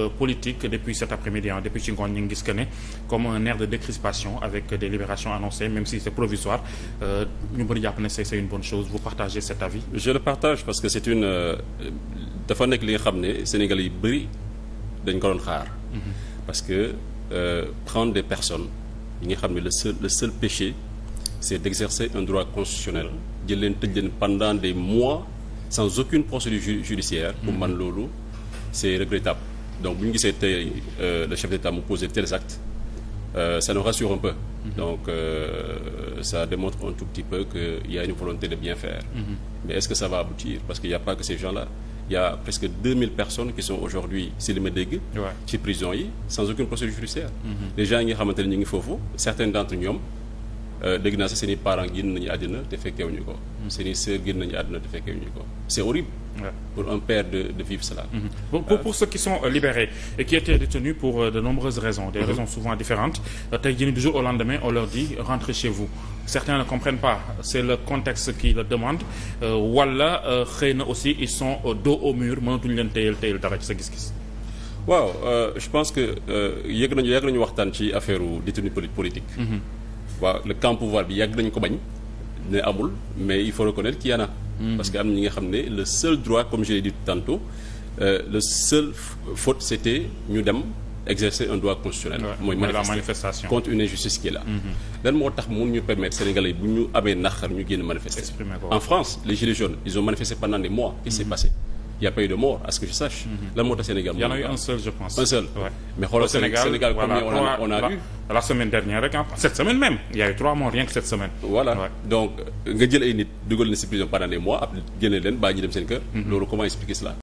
Euh, politique depuis cet après-midi ah depuis ci ngoon ñu ngi gis que ne comme un air de décrispation avec des libérations annoncées même si c'est provisoire euh, ñu bëri jàpp ne c'est une bonne chose vous partagez cet avis. je le partage parce que c'est une euh, dafa nekk li nga xam ne Sénégal y bëri dañ ko doon xaar. Mm-hmm. parce que euh, prendre des personnes yi nga xam ne le seul le seul péché c'est d'exercer un droit constitutionnel jël leen tëj leen pendant des mois sans aucune procédure judiciaire pour mm-hmm. man loolu c'est regrettable. donc bu ñu gisee tey euh, le chef d'état mu poser tels actes euh, ça nous rassure un peu. Mm-hmm. donc euh, ça démontre un tout petit peu que y a une volonté de bien faire. Mm-hmm. mais est-ce que ça va aboutir parce qu'il y a pas que ces gens-là. Il y a presque personnes qui sont aujourd'hui si li ma dégg ci prison yi sans aucune procédure judiciaire mm-hmm. les gens yi nga xamante ne ñu ngi foofu certains d'entre ñoom Euh, dégg naa sax seen i parents génn nañu àddina te fekkewuñu ko. seen i sœurs génn nañu àddina te fekkewuñu ko c'est horrible. Ouais. pour un père de de vivre cela. Mm -hmm. pour, pour pour ceux qui sont euh, libérés et qui étaient détenus pour euh, de nombreuses raisons. des mm -hmm. raisons souvent différentes tey jii du jour au lendemain on leur dit rentrez chez vous. certains ne comprennent pas c'est le contexte qui le demande wala xëy na aussi ils sont dos au mur mënatuñu leen téyel téyel dara ci sa gis-gis. waaw je pense que yëg nañu yàgg nañu waxtaan ci waaw le camp pouvoir bi yàgg nañu ko bañ ne amul mais il faut reconnaître qu'il y en a mm-hmm. parce que am na ñi nga xam ne le seul droit comme je l'ai dit tantôt euh, le seul faute c'était ñu dem exercer un droit constitutionnel mooy manifestation contre une injustice qui est là mm-hmm. moo tax mun ñu permettre sénégalais bu ñu amee naqar ñu génn manifester en France les gilets jaunes ils ont manifesté pendant des mois et c'est mm-hmm. passé y a pas eu de mort à ce que je sache. lan moo tax Sénégal a eu un seul je pense. un seul mais xoolal Sénégal Sénégal on a on La, semaine dernière cette semaine même y a eu trois morts rien que cette semaine. voilà donc nga jël ay nit dugal na ci pendant des mois ab génne leen bàyyi ñu dem seen kër. Mhm. loolu comment expliquer cela.